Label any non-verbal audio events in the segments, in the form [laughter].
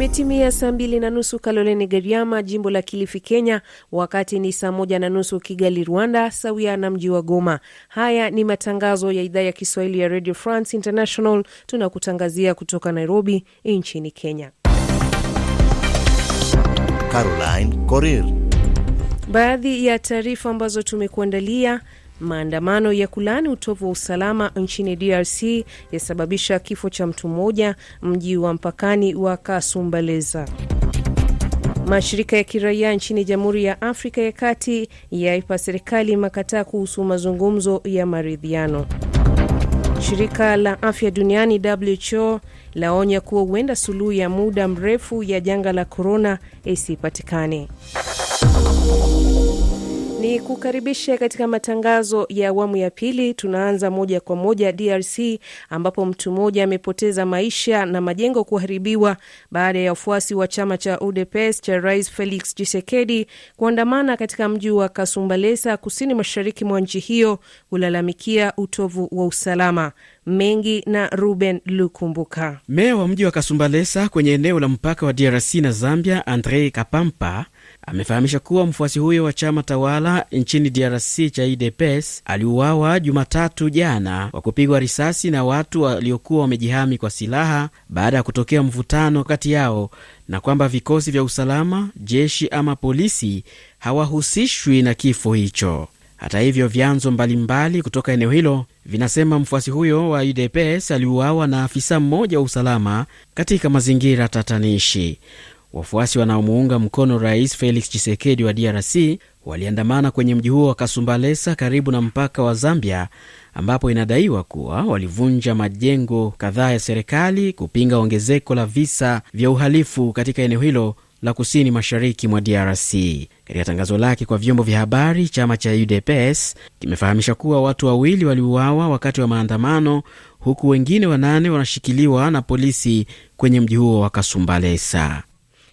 Imetimia saa mbili na nusu Kaloleni Gariama, jimbo la Kilifi, Kenya, wakati ni saa moja na nusu Kigali, Rwanda, sawia na mji wa Goma. Haya ni matangazo ya idhaa ya Kiswahili ya Radio France International, tunakutangazia kutoka Nairobi nchini Kenya. Caroline baadhi ya taarifa ambazo tumekuandalia Maandamano ya kulani utovu wa usalama nchini DRC yasababisha kifo cha mtu mmoja mji wa mpakani wa Kasumbaleza. Mashirika ya kiraia nchini Jamhuri ya Afrika ya Kati yaipa serikali makataa kuhusu mazungumzo ya maridhiano. Shirika la Afya Duniani WHO laonya kuwa huenda suluhu ya muda mrefu ya janga la korona isipatikane. Ni kukaribishe katika matangazo ya awamu ya pili. Tunaanza moja kwa moja DRC ambapo mtu mmoja amepoteza maisha na majengo kuharibiwa baada ya wafuasi wa chama cha UDPS cha Rais Felix chisekedi kuandamana katika mji wa Kasumbalesa, kusini mashariki mwa nchi hiyo, kulalamikia utovu wa usalama mengi na Ruben Lukumbuka. Meya wa mji wa Kasumbalesa kwenye eneo la mpaka wa DRC na Zambia, Andrei Kapampa amefahamisha kuwa mfuasi huyo wa chama tawala nchini DRC cha UDPS aliuawa Jumatatu jana kwa kupigwa risasi na watu waliokuwa wamejihami kwa silaha baada ya kutokea mvutano kati yao, na kwamba vikosi vya usalama, jeshi ama polisi hawahusishwi na kifo hicho. Hata hivyo, vyanzo mbalimbali kutoka eneo hilo vinasema mfuasi huyo wa UDPS aliuawa na afisa mmoja wa usalama katika mazingira tatanishi. Wafuasi wanaomuunga mkono Rais Felix chisekedi wa DRC waliandamana kwenye mji huo wa Kasumbalesa karibu na mpaka wa Zambia, ambapo inadaiwa kuwa walivunja majengo kadhaa ya serikali kupinga ongezeko la visa vya uhalifu katika eneo hilo la kusini mashariki mwa DRC. Katika tangazo lake kwa vyombo vya habari, chama cha UDPS kimefahamisha kuwa watu wawili waliuawa wakati wa maandamano, huku wengine wanane wanashikiliwa na polisi kwenye mji huo wa Kasumbalesa.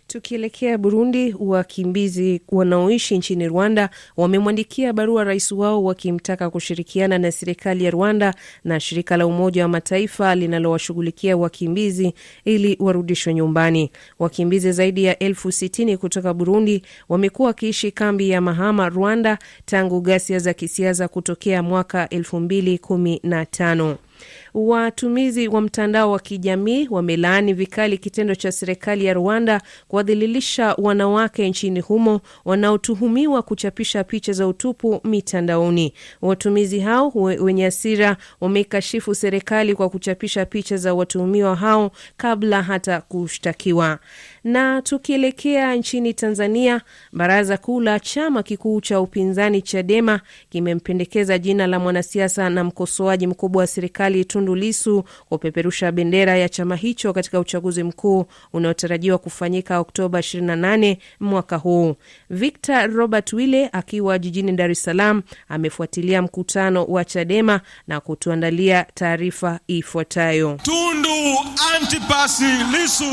Tukielekea Burundi, wakimbizi wanaoishi nchini Rwanda wamemwandikia barua rais wao wakimtaka kushirikiana na serikali ya Rwanda na shirika la Umoja wa Mataifa linalowashughulikia wakimbizi ili warudishwe nyumbani. Wakimbizi zaidi ya elfu sitini kutoka Burundi wamekuwa wakiishi kambi ya Mahama, Rwanda tangu ghasia za kisiasa kutokea mwaka elfu mbili kumi na tano. Watumizi wa mtandao wa kijamii wamelaani vikali kitendo cha serikali ya Rwanda kuwadhalilisha wanawake nchini humo wanaotuhumiwa kuchapisha picha za utupu mitandaoni. Watumizi hao wenye hasira wameikashifu serikali kwa kuchapisha picha za watuhumiwa hao kabla hata kushtakiwa. Na tukielekea nchini Tanzania, baraza kuu la chama kikuu cha upinzani Chadema kimempendekeza jina la mwanasiasa na mkosoaji mkubwa wa serikali Tundu Lisu kupeperusha bendera ya chama hicho katika uchaguzi mkuu unaotarajiwa kufanyika Oktoba 28 mwaka huu. Victor Robert Wille akiwa jijini Dar es Salaam amefuatilia mkutano wa Chadema na kutuandalia taarifa ifuatayo. Tundu Antipasi Lisu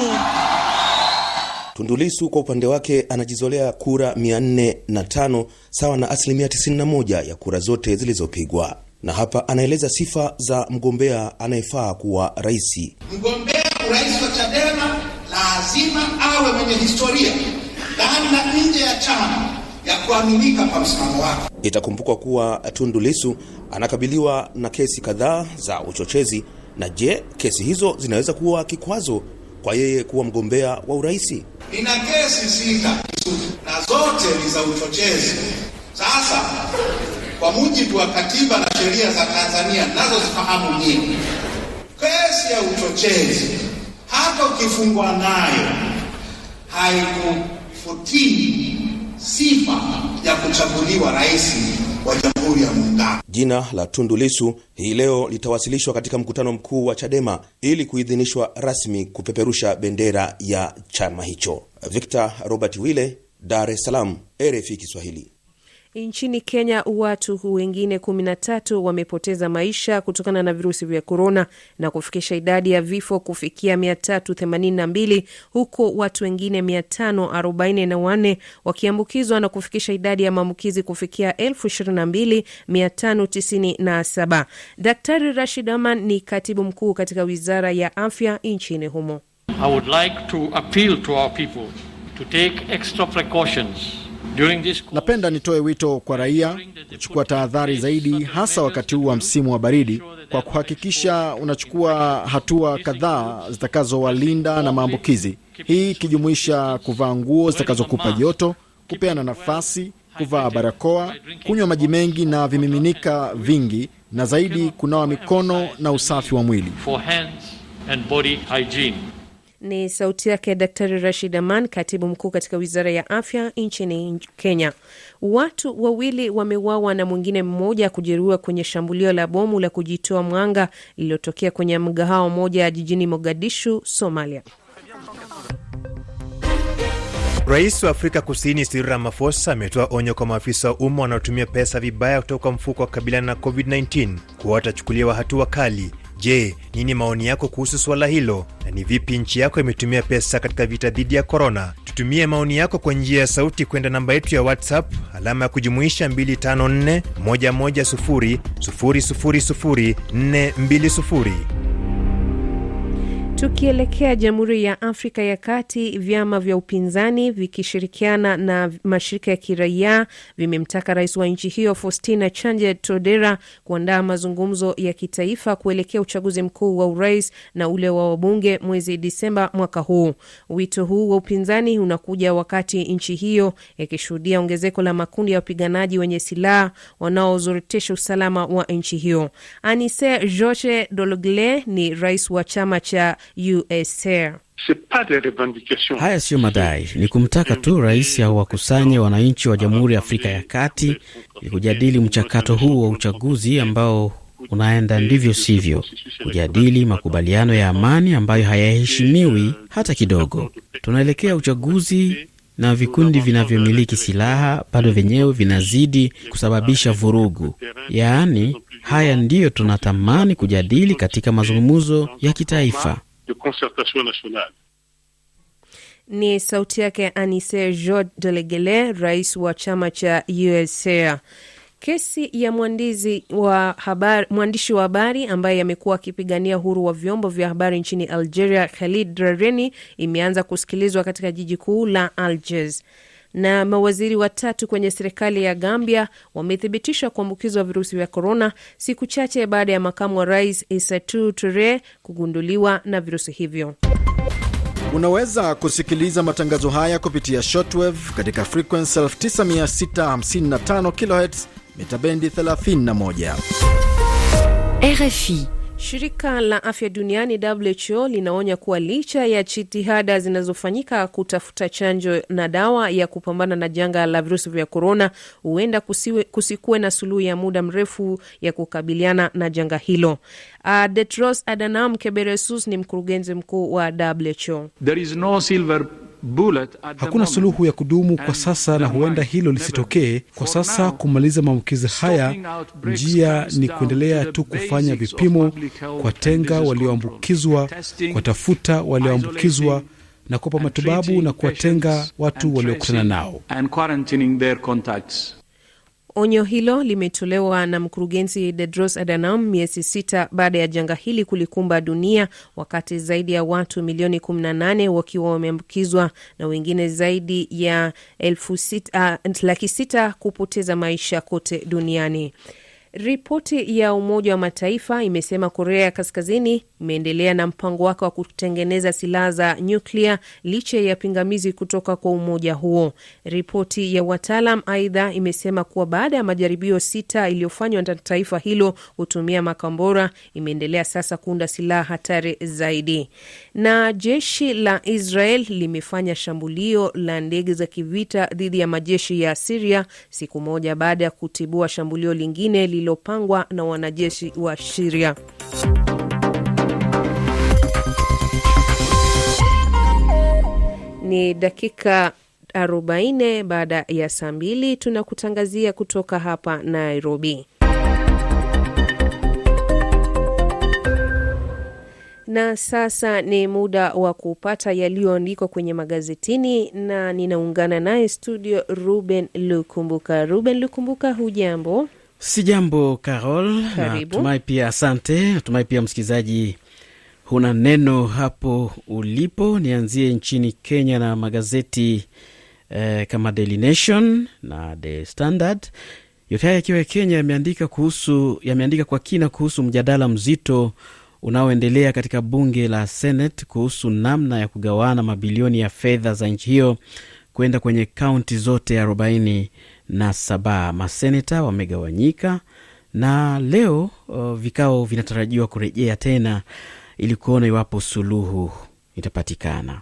Tundulisu kwa upande wake anajizolea kura 405 sawa na asilimia 91 ya kura zote zilizopigwa, na hapa anaeleza sifa za mgombea anayefaa kuwa rais. Mgombea urais wa Chadema lazima awe mwenye historia ndani na nje ya chama ya kuaminika kwa msimamo wake. Itakumbukwa kuwa Tundulisu anakabiliwa na kesi kadhaa za uchochezi. Na je, kesi hizo zinaweza kuwa kikwazo kwa yeye kuwa mgombea wa urais. Nina kesi sita na zote ni za uchochezi. Sasa kwa mujibu wa katiba na sheria za Tanzania nazo zifahamu nyingi, kesi ya uchochezi hata ukifungwa nayo haikufutii sifa ya kuchaguliwa rais wa Jamhuri ya Muungano. Jina la Tundu Lisu hii leo litawasilishwa katika mkutano mkuu wa Chadema ili kuidhinishwa rasmi kupeperusha bendera ya chama hicho. Victor Robert Wille, Dar es Salaam, RFI Kiswahili. Nchini Kenya, watu wengine 13 wamepoteza maisha kutokana na virusi vya korona na kufikisha idadi ya vifo kufikia 382 huku watu wengine 544 wakiambukizwa na kufikisha idadi ya maambukizi kufikia 22597. Daktari Rashid Aman ni katibu mkuu katika wizara ya afya nchini humo. I would like to appeal to our people to take extra precautions Napenda nitoe wito kwa raia kuchukua tahadhari zaidi, hasa wakati huu wa msimu wa baridi, kwa kuhakikisha unachukua hatua kadhaa zitakazowalinda na maambukizi, hii ikijumuisha kuvaa nguo zitakazokupa joto, kupeana nafasi, kuvaa barakoa, kunywa maji mengi na vimiminika vingi, na zaidi kunawa mikono na usafi wa mwili. Ni sauti yake Daktari Rashid Aman, katibu mkuu katika wizara ya afya nchini Kenya. Watu wawili wameuawa na mwingine mmoja kujeruhiwa kwenye shambulio la bomu la kujitoa mwanga lililotokea kwenye mgahawa mmoja jijini Mogadishu, Somalia. Rais wa Afrika Kusini siri ramafosa ametoa onyo kwa maafisa wa umma wanaotumia pesa vibaya kutoka mfuko wa kabiliana na COVID-19 kuwa watachukuliwa hatua kali. Je, nini maoni yako kuhusu suala hilo na ni vipi nchi yako imetumia pesa katika vita dhidi ya korona? Tutumie maoni yako kwa njia ya sauti kwenda namba yetu ya WhatsApp alama ya kujumuisha 254 110 000 420. Tukielekea Jamhuri ya Afrika ya Kati, vyama vya upinzani vikishirikiana na mashirika ya kiraia vimemtaka rais wa nchi hiyo Faustin chanje todera kuandaa mazungumzo ya kitaifa kuelekea uchaguzi mkuu wa urais na ule wa wabunge mwezi Disemba mwaka huu. Wito huu wa upinzani unakuja wakati nchi hiyo yakishuhudia ongezeko la makundi ya wapiganaji wenye silaha wanaozorotesha usalama wa nchi hiyo. Anise joche Dologle ni rais wa chama cha Haya siyo madai, ni kumtaka tu rais wakusanye wananchi wa Jamhuri ya Afrika ya Kati ni kujadili mchakato huu wa uchaguzi ambao unaenda ndivyo sivyo, kujadili makubaliano ya amani ambayo hayaheshimiwi hata kidogo. Tunaelekea uchaguzi na vikundi vinavyomiliki silaha bado vyenyewe vinazidi kusababisha vurugu. Yaani, haya ndiyo tunatamani kujadili katika mazungumzo ya kitaifa de concertation nationale. Ni sauti yake Anise Jean Delegele, rais wa chama cha usa Kesi ya mwandishi wa habari, mwandishi wa habari ambaye amekuwa akipigania uhuru wa vyombo vya habari nchini Algeria, Khalid Drareni, imeanza kusikilizwa katika jiji kuu la Algiers. Na mawaziri watatu kwenye serikali ya Gambia wamethibitishwa kuambukizwa virusi vya korona siku chache baada ya makamu wa rais isatu Ture kugunduliwa na virusi hivyo. Unaweza kusikiliza matangazo haya kupitia shortwave katika frequency 9655 kHz mitabendi 31 RFI. Shirika la afya duniani WHO linaonya kuwa licha ya jitihada zinazofanyika kutafuta chanjo na dawa ya kupambana na janga la virusi vya korona, huenda kusikuwe na suluhu ya muda mrefu ya kukabiliana na janga hilo. Uh, ah, Tedros Adhanom Ghebreyesus ni mkurugenzi mkuu wa WHO. There is no silver Hakuna suluhu ya kudumu kwa sasa, na huenda hilo lisitokee kwa sasa. Kumaliza maambukizi haya, njia ni kuendelea tu kufanya vipimo, kuwatenga walioambukizwa, kuwatafuta walioambukizwa na kuwapa matibabu na kuwatenga watu waliokutana nao. Onyo hilo limetolewa na mkurugenzi Tedros Adhanom miezi sita baada ya janga hili kulikumba dunia, wakati zaidi ya watu milioni 18 wakiwa wameambukizwa na wengine zaidi ya elfu sita, uh, laki sita kupoteza maisha kote duniani. Ripoti ya Umoja wa Mataifa imesema Korea ya Kaskazini imeendelea na mpango wake wa kutengeneza silaha za nyuklia licha ya pingamizi kutoka kwa umoja huo. Ripoti ya wataalam aidha imesema kuwa baada ya majaribio sita iliyofanywa na taifa hilo kutumia makombora, imeendelea sasa kuunda silaha hatari zaidi. Na jeshi la Israel limefanya shambulio la ndege za kivita dhidi ya majeshi ya Siria siku moja baada ya kutibua shambulio lingine lililopangwa na wanajeshi wa Syria. Ni dakika 40 baada ya saa mbili tunakutangazia kutoka hapa Nairobi. Na sasa ni muda wa kupata yaliyoandikwa kwenye magazetini, na ninaungana naye studio Ruben Lukumbuka. Ruben Lukumbuka, hujambo? Si jambo Carol, natumai pia asante. Natumai pia msikilizaji huna neno hapo ulipo. Nianzie nchini Kenya na magazeti eh, kama Daily Nation na The Standard, yote haya yakiwa ya Kenya, yameandika kuhusu yameandika kwa kina kuhusu mjadala mzito unaoendelea katika bunge la Senate kuhusu namna ya kugawana mabilioni ya fedha za nchi hiyo kwenda kwenye kaunti zote arobaini na saba. Maseneta wamegawanyika na leo uh, vikao vinatarajiwa kurejea tena ili kuona iwapo suluhu itapatikana.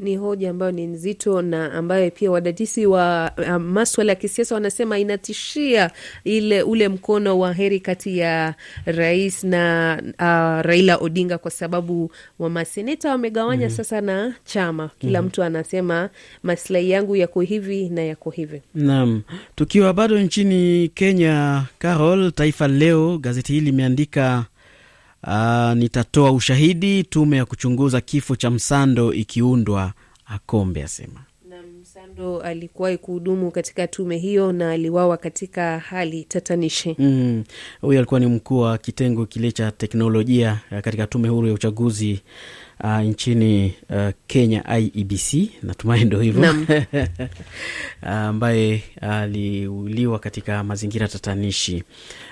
Ni hoja ambayo ni nzito na ambayo pia wadadisi wa uh, maswala ya kisiasa wanasema inatishia ile ule mkono wa heri kati ya rais na uh, Raila Odinga kwa sababu wa maseneta wamegawanya mm -hmm. Sasa na chama kila mm -hmm. mtu anasema maslahi yangu yako hivi na yako hivi. Naam, tukiwa bado nchini Kenya, Carol, Taifa Leo gazeti hili limeandika Uh, nitatoa ushahidi tume ya kuchunguza kifo cha Msando ikiundwa, Akombe asema. Ndo alikuwahi kuhudumu katika tume hiyo na aliwawa katika hali tatanishi. Mm, huyu alikuwa ni mkuu wa kitengo kile cha teknolojia eh, katika tume huru ya uchaguzi uh, nchini uh, Kenya, IEBC, natumai ndo hivyo [laughs] ah, ambaye aliuliwa katika mazingira tatanishi.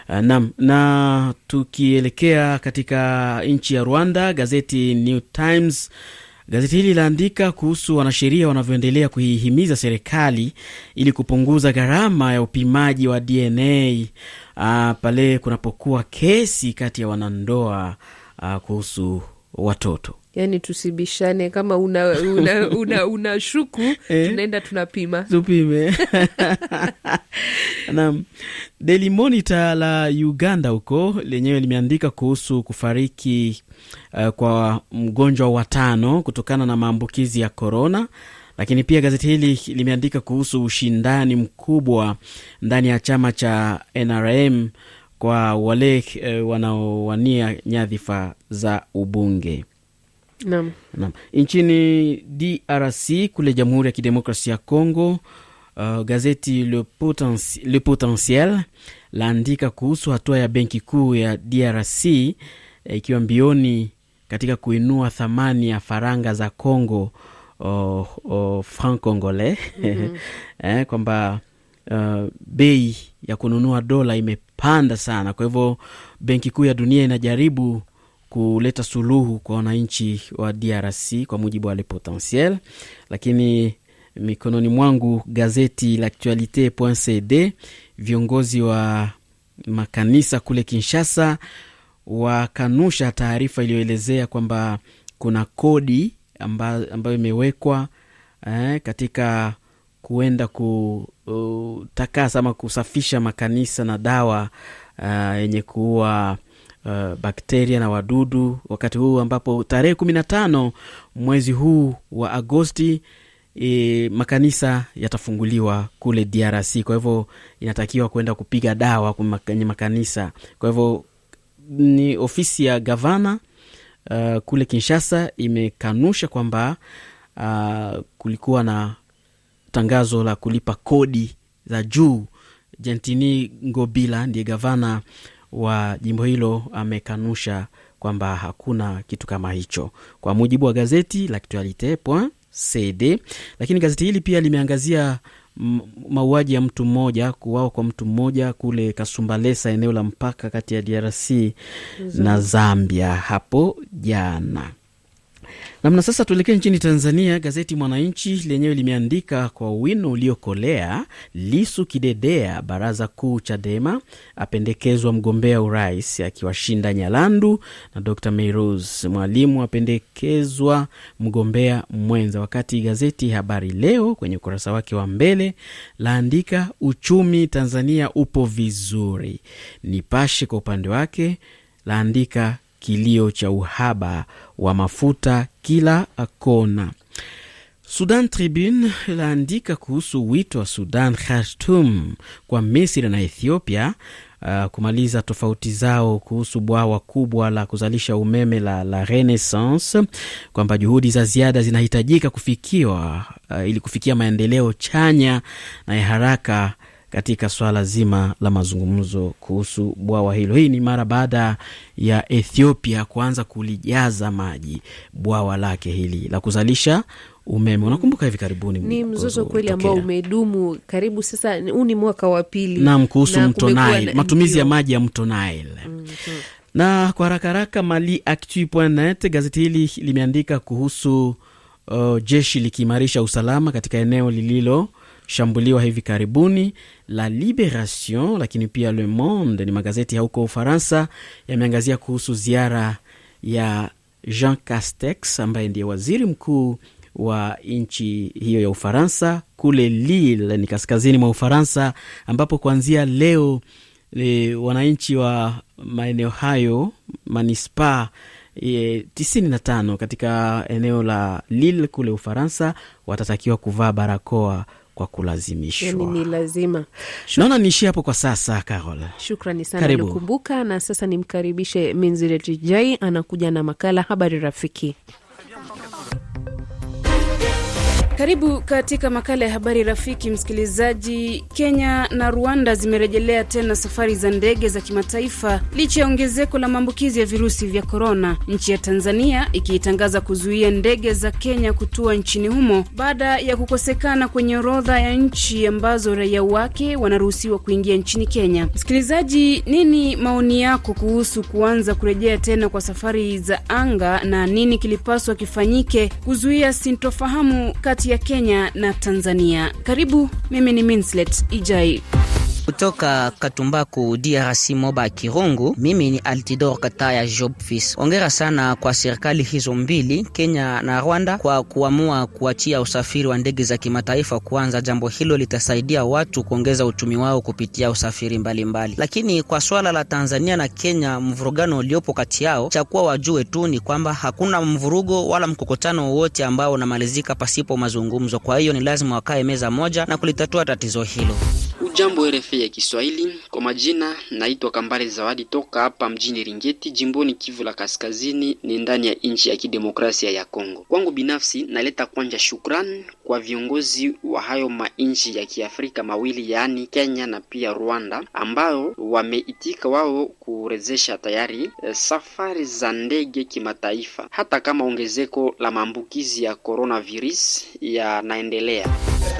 Uh, ah, nam na tukielekea katika nchi ya Rwanda, gazeti New Times Gazeti hili linaandika kuhusu wanasheria wanavyoendelea kuihimiza serikali ili kupunguza gharama ya upimaji wa DNA uh, ah, pale kunapokuwa kesi kati ya wanandoa uh, kuhusu watoto. Yani tusibishane, kama una, una, [laughs] una, una shuku eh? tunaenda tunapima, tupime [laughs] nam deli Monitor la Uganda huko lenyewe limeandika kuhusu kufariki uh, kwa mgonjwa watano kutokana na maambukizi ya korona lakini pia gazeti hili limeandika kuhusu ushindani mkubwa ndani ya chama cha NRM kwa wale uh, wanaowania nyadhifa za ubunge. Naam. Naam. Nchini DRC kule Jamhuri ya Kidemokrasia ya Kongo, uh, gazeti Le, Potence, Le Potentiel laandika kuhusu hatua ya benki kuu ya DRC eh, ikiwa eh, mbioni katika kuinua thamani ya faranga za Congo oh, oh, franc congolais mm -hmm. [laughs] eh, kwamba uh, bei ya kununua dola imepanda sana. Kwa hivyo benki kuu ya dunia inajaribu kuleta suluhu kwa wananchi wa DRC kwa mujibu wa Le Potentiel, lakini mikononi mwangu gazeti la cd Viongozi wa makanisa kule Kinshasa wakanusha taarifa iliyoelezea kwamba kuna kodi ambayo imewekwa eh, katika kuenda uh, kutakasa ama kusafisha makanisa na dawa uh, yenye uh, kuua uh, bakteria na wadudu, wakati huu ambapo tarehe kumi na tano mwezi huu wa Agosti E, makanisa yatafunguliwa kule DRC. Kwa hivyo inatakiwa kuenda kupiga dawa kwenye makanisa. Kwa hivyo ni ofisi ya gavana uh, kule Kinshasa imekanusha kwamba uh, kulikuwa na tangazo la kulipa kodi za juu. jentini Ngobila ndiye gavana wa jimbo hilo amekanusha kwamba hakuna kitu kama hicho, kwa mujibu wa gazeti la cd Lakini gazeti hili pia limeangazia mauaji ya mtu mmoja, kuwao kwa mtu mmoja kule Kasumbalesa, eneo la mpaka kati ya DRC na Zambia hapo jana. Namna sasa, tuelekee nchini Tanzania. Gazeti Mwananchi lenyewe limeandika kwa wino uliokolea, Lisu kidedea baraza kuu Chadema, apendekezwa mgombea urais akiwashinda Nyalandu na Dr Meirose. Mwalimu apendekezwa mgombea mwenza, wakati gazeti Habari Leo kwenye ukurasa wake wa mbele laandika uchumi Tanzania upo vizuri. Nipashe kwa upande wake laandika kilio cha uhaba wa mafuta kila kona. Sudan Tribune laandika kuhusu wito wa Sudan, khartum kwa Misri na Ethiopia uh, kumaliza tofauti zao kuhusu bwawa kubwa la kuzalisha umeme la, la Renaissance, kwamba juhudi za ziada zinahitajika kufikiwa uh, ili kufikia maendeleo chanya na ya haraka katika swala zima la mazungumzo kuhusu bwawa hilo. Hii ni mara baada ya Ethiopia kuanza kulijaza maji bwawa lake hili la kuzalisha umeme. Unakumbuka hivi karibuni ni mzozo kweli ambao umedumu karibu sasa, huu ni mwaka wa pili nam, kuhusu mto Nile, matumizi ya maji ya mto Nile. mm Na kwa haraka haraka, maliactu.net gazeti hili limeandika kuhusu uh, jeshi likiimarisha usalama katika eneo lililo kushambuliwa hivi karibuni. La Liberation lakini pia Le Monde ni magazeti ya huko Ufaransa yameangazia kuhusu ziara ya Jean Castex ambaye ndiye waziri mkuu wa nchi hiyo ya Ufaransa kule Lille ni kaskazini mwa Ufaransa, ambapo kuanzia leo e, wananchi wa maeneo hayo manispa e, 95 katika eneo la Lille kule Ufaransa watatakiwa kuvaa barakoa kwa kulazimishwa. Yani ni lazima. Naona niishie hapo kwa sasa, Carol. Shukrani sana Lukumbuka, na sasa nimkaribishe Minziret Jai anakuja na makala Habari Rafiki. Karibu katika makala ya habari rafiki, msikilizaji. Kenya na Rwanda zimerejelea tena safari za ndege za kimataifa licha ya ongezeko la maambukizi ya virusi vya korona, nchi ya Tanzania ikiitangaza kuzuia ndege za Kenya kutua nchini humo baada ya kukosekana kwenye orodha ya nchi ambazo raia wake wanaruhusiwa kuingia nchini Kenya. Msikilizaji, nini maoni yako kuhusu kuanza kurejea tena kwa safari za anga na nini kilipaswa kifanyike kuzuia sintofahamu kati kati ya Kenya na Tanzania. Karibu, mimi ni Minslet Ijai. Kutoka Katumbaku, DRC, Moba Kirungu, mimi ni Altidor Kataya Jobfis. Ongera sana kwa serikali hizo mbili, Kenya na Rwanda, kwa kuamua kuachia usafiri wa ndege za kimataifa kuanza. Jambo hilo litasaidia watu kuongeza uchumi wao kupitia usafiri mbalimbali mbali. Lakini kwa swala la Tanzania na Kenya, mvurugano uliopo kati yao, cha kuwa wajue tu ni kwamba hakuna mvurugo wala mkokotano wowote ambao unamalizika pasipo mazungumzo. Kwa hiyo ni lazima wakae meza moja na kulitatua tatizo hilo. Ujambo RFI ya Kiswahili, kwa majina naitwa Kambale Zawadi toka hapa mjini Ringeti, jimboni Kivu la Kaskazini, ni ndani ya nchi ya kidemokrasia ya Kongo. Kwangu binafsi, naleta kwanja shukrani kwa viongozi wa hayo manchi ya Kiafrika mawili, yaani Kenya na pia Rwanda, ambao wameitika wao kuwezesha tayari eh, safari za ndege kimataifa, hata kama ongezeko la maambukizi ya coronavirus yanaendelea.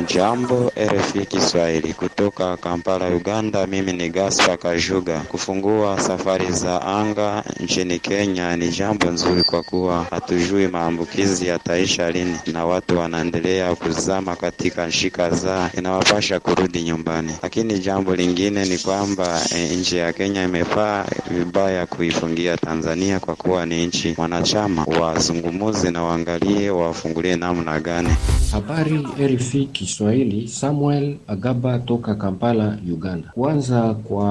Jambo RFI Kiswahili kuto kutoka Kampala, Uganda. Mimi ni Gaspar Kajuga. Kufungua safari za anga nchini Kenya ni jambo nzuri, kwa kuwa hatujui maambukizi yataisha lini, na watu wanaendelea kuzama katika nchi kadhaa, inawapasha kurudi nyumbani. Lakini jambo lingine ni kwamba e, nchi ya Kenya imefaa vibaya kuifungia Tanzania kwa kuwa ni nchi mwanachama. Wazungumuzi na waangalie wafungulie namna gani. Habari RFI Kiswahili, Samuel Agaba toka Kampala, Uganda. Kuanza kwa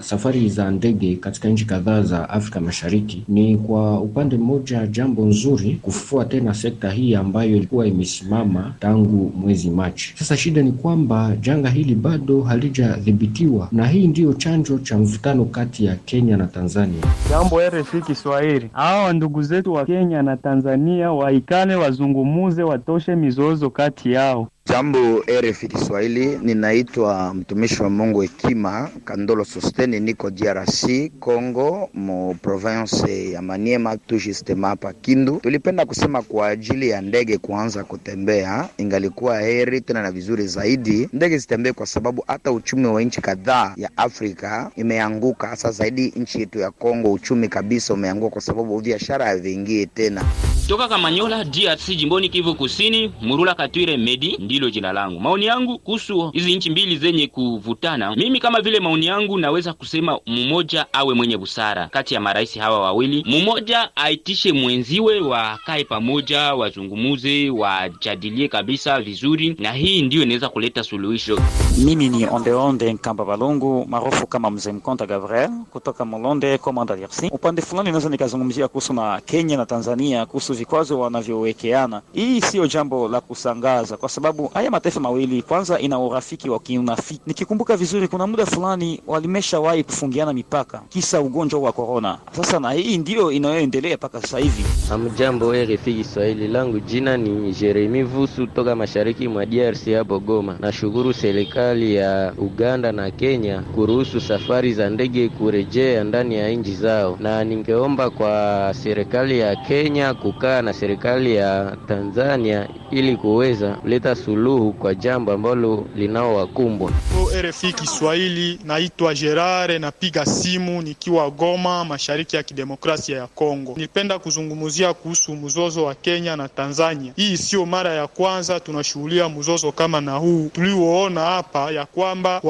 safari za ndege katika nchi kadhaa za Afrika Mashariki ni kwa upande mmoja jambo nzuri, kufufua tena sekta hii ambayo ilikuwa imesimama tangu mwezi Machi. Sasa shida ni kwamba janga hili bado halijadhibitiwa, na hii ndiyo chanjo cha mvutano kati ya Kenya na Tanzania. Jambo RFI Kiswahili, hawa ndugu zetu wa Kenya na Tanzania waikale, wazungumuze, watoshe mizozo kati yao. Jambo RFI Kiswahili, ninaitwa mtumishi wa Mungu Hekima Kandolo Sosteni, niko DRC Congo, mu province ya Maniema tu justement hapa Kindu. Tulipenda kusema kwa ajili ya ndege kuanza kutembea, ingalikuwa heri tena na vizuri zaidi ndege zitembee, kwa sababu hata uchumi wa nchi kadhaa ya Afrika imeanguka, hasa zaidi nchi yetu ya Congo, uchumi kabisa umeanguka kwa sababu biashara haviingii tena. Toka Kamanyola, DRC, jimboni Kivu Kusini, Murula Katwire Medi ndilo jina langu. Maoni yangu kuhusu hizi nchi mbili zenye kuvutana, mimi kama vile maoni yangu naweza kusema mmoja awe mwenye busara kati ya marais hawa wawili, mmoja aitishe mwenziwe, wakae pamoja, wazungumuze, wajadilie kabisa vizuri, na hii ndiyo inaweza kuleta suluhisho. Mimi ni Ondeonde Nkamba Balungu maarufu kama Mzee Mkonta Gabriel kutoka Molonde Komanda, DRC. Upande fulani naweza nikazungumzia kuhusu na Kenya na Tanzania kuhusu vikwazo wanavyowekeana. Hii siyo jambo la kusangaza, kwa sababu haya mataifa mawili kwanza ina urafiki wa kiunafiki. Nikikumbuka vizuri, kuna muda fulani walimeshawahi kufungiana mipaka kisa ugonjwa wa korona. Sasa na hii ndiyo inayoendelea mpaka sasa hivi. Amjambo RFI Kiswahili, langu jina ni Jeremi Vusu toka mashariki mwa DRC hapo Goma. Nashukuru serikali ya Uganda na Kenya kuruhusu safari za ndege kurejea ndani ya nchi zao, na ningeomba kwa serikali ya Kenya kukaa kukaa na serikali ya Tanzania ili kuweza kuleta suluhu kwa jambo ambalo linaowakumbwa. RFI Kiswahili, naitwa Gerard, napiga simu nikiwa Goma, mashariki ya kidemokrasia ya Kongo. Nilipenda kuzungumzia kuhusu mzozo wa Kenya na Tanzania. Hii sio mara ya kwanza tunashughulia mzozo kama na huu tulioona hapa, ya kwamba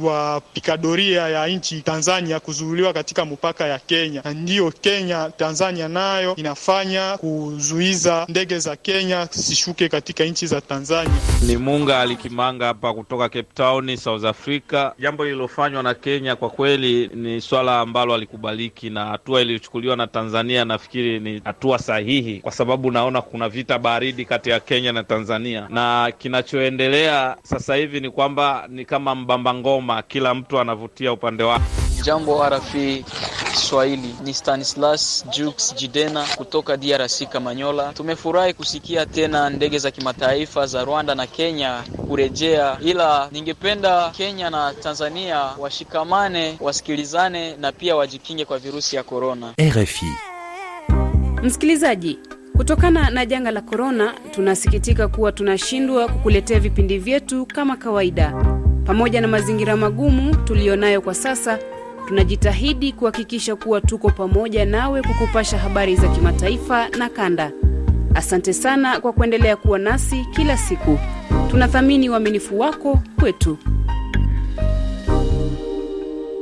wapikadoria wa ya nchi Tanzania kuzuiliwa katika mpaka ya Kenya, na ndiyo Kenya Tanzania nayo inafanya ku kuzuiza ndege za Kenya zisishuke katika nchi za Tanzania. Ni Munga Alikimanga hapa kutoka Cape Town, South Africa. Jambo lililofanywa na Kenya kwa kweli ni swala ambalo alikubaliki, na hatua iliyochukuliwa na Tanzania nafikiri ni hatua sahihi, kwa sababu naona kuna vita baridi kati ya Kenya na Tanzania, na kinachoendelea sasa hivi ni kwamba ni kama mbamba ngoma, kila mtu anavutia upande wake. Jambo RFI Kiswahili, ni Stanislas Jux Jidena kutoka DRC Kamanyola. Tumefurahi kusikia tena ndege za kimataifa za Rwanda na Kenya kurejea, ila ningependa Kenya na Tanzania washikamane, wasikilizane na pia wajikinge kwa virusi ya korona. RFI msikilizaji Kutokana na janga la korona, tunasikitika kuwa tunashindwa kukuletea vipindi vyetu kama kawaida. Pamoja na mazingira magumu tuliyonayo kwa sasa, Tunajitahidi kuhakikisha kuwa tuko pamoja nawe kukupasha habari za kimataifa na kanda. Asante sana kwa kuendelea kuwa nasi kila siku. Tunathamini uaminifu wako kwetu.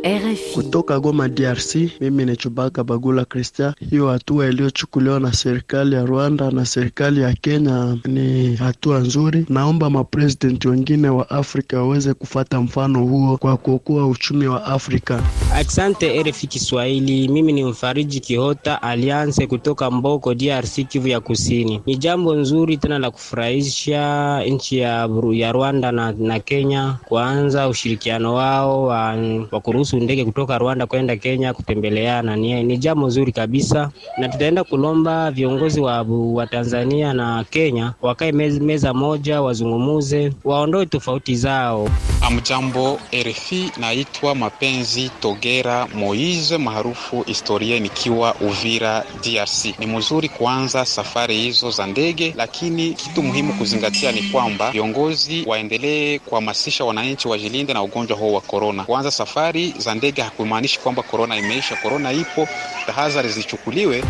RFI. Kutoka Goma DRC, mimi ni Chubaka Bagula Kristia. Hiyo hatua iliyochukuliwa na serikali ya Rwanda na serikali ya Kenya ni hatua nzuri. Naomba mapresidenti wengine wa Afrika waweze kufata mfano huo kwa kuokoa uchumi wa Afrika. Asante RFI Kiswahili, mimi ni Mfariji Kihota Alliance kutoka Mboko DRC, Kivu ya Kusini. Ni jambo nzuri tena la kufurahisha nchi ya, ya Rwanda na, na Kenya kuanza ushirikiano wao wa, wa kuruhusu kuruhusu ndege kutoka Rwanda kwenda Kenya kutembeleana ni, ni jambo zuri kabisa, na tutaenda kulomba viongozi wa, wa Tanzania na Kenya wakae meza moja, wazungumuze, waondoe tofauti zao. Amjambo RFI, naitwa Mapenzi Togera Moise maarufu Historia, nikiwa Uvira DRC. Ni mzuri kuanza safari hizo za ndege, lakini kitu muhimu kuzingatia ni kwamba viongozi waendelee kuhamasisha wananchi wajilinde na ugonjwa huo wa korona. Kuanza safari za ndege hakumaanishi kwamba korona imeisha. Korona ipo, tahadhari zichukuliwe.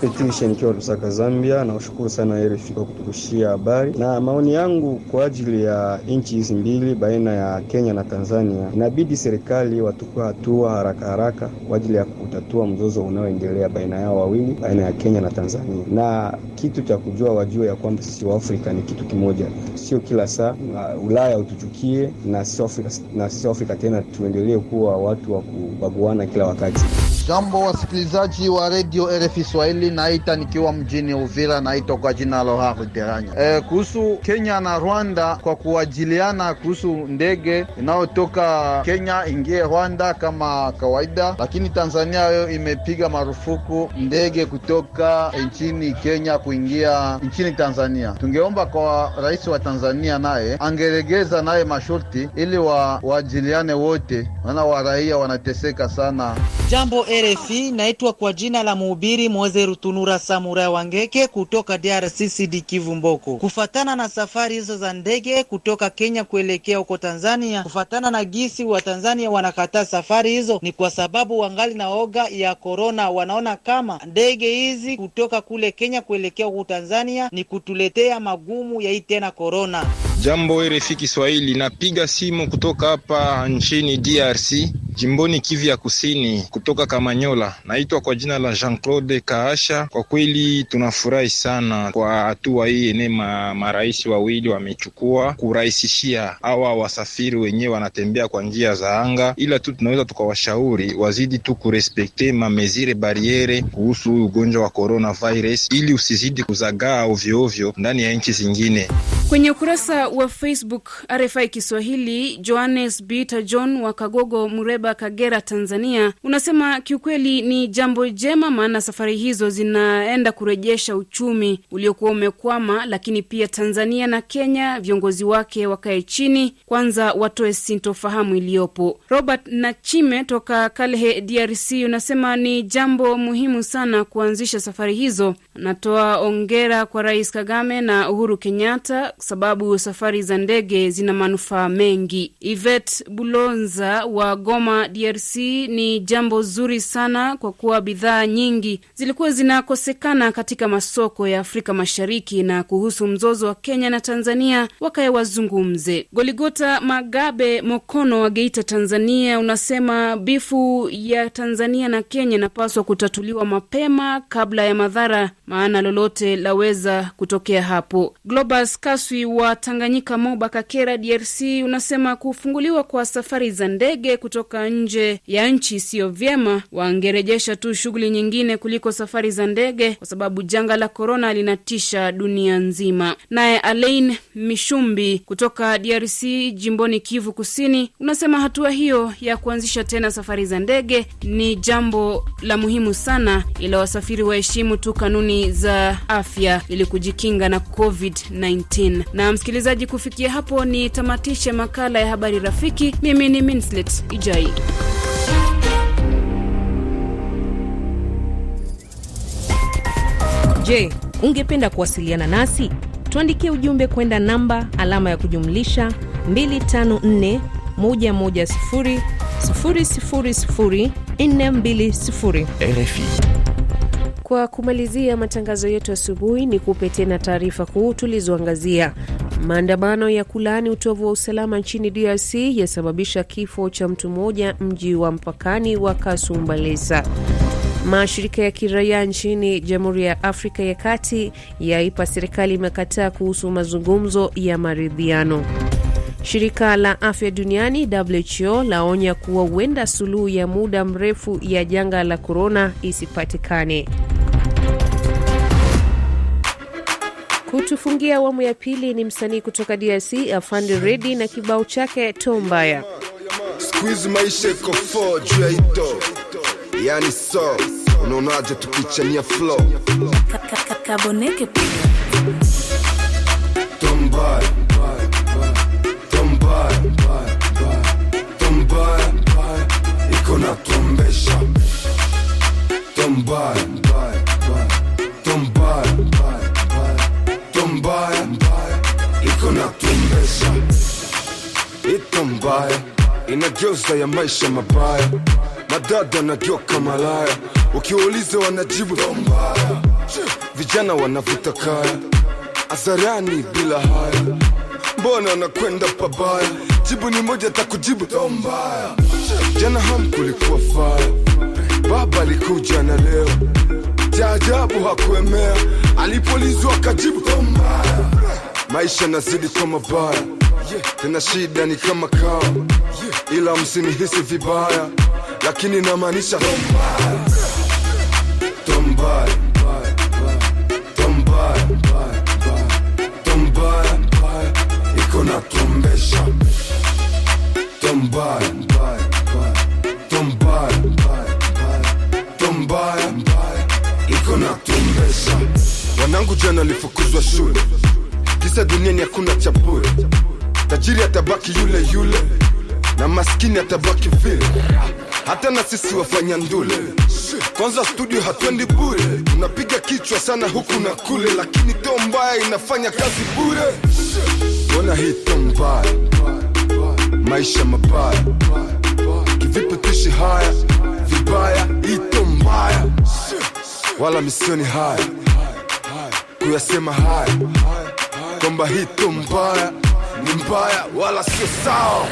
Petition nikiwa Lusaka, Zambia. Nawashukuru sana RFI kwa kuturushia habari na maoni yangu kwa ajili ya nchi hizi mbili baina ya Kenya na Tanzania. Inabidi serikali watukua hatua haraka haraka kwa ajili ya kutatua mzozo unaoendelea baina yao wawili, baina ya Kenya na Tanzania, na kitu cha kujua wajue ya kwamba sisi Waafrika ni kitu kimoja, sio kila saa Ulaya utuchukie na sisi Afrika tena tuendelee kuwa watu wa kubaguana kila wakati. Jambo wasikilizaji wa redio RFI Swahili, naita nikiwa mjini Uvira, naitwa kwa jina Loha Teranya. E, kuhusu Kenya na Rwanda kwa kuwajiliana kuhusu ndege inayotoka Kenya ingie Rwanda kama kawaida, lakini Tanzania yo imepiga marufuku ndege kutoka nchini Kenya kuingia nchini Tanzania. Tungeomba kwa rais wa Tanzania naye angelegeza naye masharti ili wa waajiliane wote, maana waraia wanateseka sana. Jambo RFI, naitwa kwa jina la mhubiri Moze Rutunura Samura Wangeke kutoka DRC CD Kivu Mboko. Kufatana na safari hizo za ndege kutoka Kenya kuelekea huko Tanzania, kufatana na gisi wa Tanzania wanakataa safari hizo, ni kwa sababu wangali na oga ya korona. Wanaona kama ndege hizi kutoka kule Kenya kuelekea kuelekea huku Tanzania ni kutuletea magumu ya hii tena korona. Jambo RFI Kiswahili, napiga simu kutoka hapa nchini DRC jimboni Kivu ya Kusini, kutoka Kamanyola. Naitwa kwa jina la Jean Claude Kaasha. Kwa kweli tunafurahi sana kwa hatua hii ene ma, marais wawili wamechukua kurahisishia hawa wasafiri wenyewe wanatembea kwa njia za anga, ila tu tunaweza tukawashauri wazidi tu kurespekte mamezire bariere kuhusu huyu ugonjwa wa coronavirus, ili usizidi kuzagaa ovyoovyo ndani ya nchi zingine. Kwenye ukurasa wa Facebook RFI Kiswahili, Johannes Bita John wa Kagogo, Mureba, Kagera, Tanzania, unasema kiukweli ni jambo jema, maana safari hizo zinaenda kurejesha uchumi uliokuwa umekwama, lakini pia Tanzania na Kenya viongozi wake wakae chini kwanza, watoe sintofahamu iliyopo. Robert Nachime toka Kalehe, DRC, unasema ni jambo muhimu sana kuanzisha safari hizo. Anatoa ongera kwa Rais Kagame na Uhuru Kenyatta sababu safari safari za ndege zina manufaa mengi. Ivet Bulonza wa Goma, DRC: ni jambo zuri sana kwa kuwa bidhaa nyingi zilikuwa zinakosekana katika masoko ya Afrika Mashariki, na kuhusu mzozo wa Kenya na Tanzania wakaye wazungumze. Goligota Magabe Mokono wa Geita, Tanzania, unasema bifu ya Tanzania na Kenya inapaswa kutatuliwa mapema kabla ya madhara, maana lolote laweza kutokea hapo. Kaswi wa Tanganyika Tanganyika Moba Kakera DRC unasema kufunguliwa kwa safari za ndege kutoka nje ya nchi isiyo vyema, wangerejesha tu shughuli nyingine kuliko safari za ndege, kwa sababu janga la korona linatisha dunia nzima. Naye Alain Mishumbi kutoka DRC jimboni Kivu Kusini unasema hatua hiyo ya kuanzisha tena safari za ndege ni jambo la muhimu sana, ila wasafiri waheshimu tu kanuni za afya ili kujikinga na COVID-19. Na msikilizaji msikilizaji, kufikia hapo ni tamatishe makala ya habari rafiki. Mimi ni Minslet Ijai. Je, ungependa kuwasiliana nasi? Tuandikie ujumbe kwenda namba alama ya kujumlisha 254 RFI. Kwa kumalizia matangazo yetu asubuhi, ni kupe tena taarifa kuu tulizoangazia. Maandamano ya kulaani utovu wa usalama nchini DRC yasababisha kifo cha mtu mmoja mji wa mpakani wa Kasumbalesa. Mashirika ya kiraia nchini Jamhuri ya Afrika ya Kati yaipa serikali imekataa kuhusu mazungumzo ya maridhiano. Shirika la Afya Duniani WHO laonya kuwa huenda suluhu ya muda mrefu ya janga la korona isipatikane. kutufungia awamu ya pili ni msanii kutoka DRC Afande Redi na kibao chake Tombaya. Siku hizi maisha iko juu ya ito, yani so unaonaje tukichania flow kaboneke Tombaya Tombaya Tombaya iko na tombesha Tombaya inageuza ya maisha mabaya, madada nageuka malaya, ukiwauliza wanajibu mbaya, vijana wanavuta kaya azarani bila haya, mbona wanakwenda pabaya? Jibu ni moja, takujibu mbaya. Jana hamkulikuwa faya, baba alikuja na leo jaajabu hakuemea, alipolizwa akajibu mbaya. Maisha nazidi kwa mabaya tena shida ni kama kawa Ila msinihisi vibaya, lakini namaanisha tombaya iko na tombesha tombaya Wanangu jana walifukuzwa shule, kisa duniani hakuna cha bure tajiri atabaki yule yule na maskini atabaki vile hata na sisi wafanya ndule kwanza studio hatwendi bure unapiga kichwa sana huku na kule lakini to mbaya inafanya kazi bure ona hii to mbaya maisha mabaya kivipi tushi haya vibaya hii to mbaya wala misioni haya kuyasema haya kwamba hii to mbaya mbaya wala sio sawa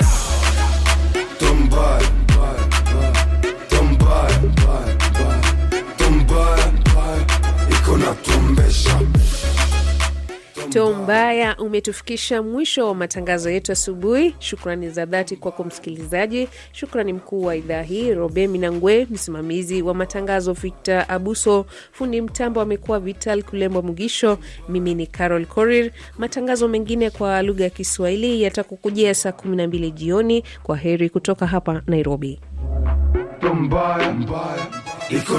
tombaya tombaya iko na tumbesha Mto Mbaya umetufikisha mwisho wa matangazo yetu asubuhi. Shukrani za dhati kwako msikilizaji. Shukrani mkuu wa idhaa hii Robe Minangwe, msimamizi wa matangazo Victor Abuso, fundi mtambo amekuwa Vital Kulembwa Mugisho. Mimi ni Carol Korir. Matangazo mengine kwa lugha ya Kiswahili yatakukujia saa 12 jioni. Kwa heri kutoka hapa Nairobi. Tumbaya, mbaya,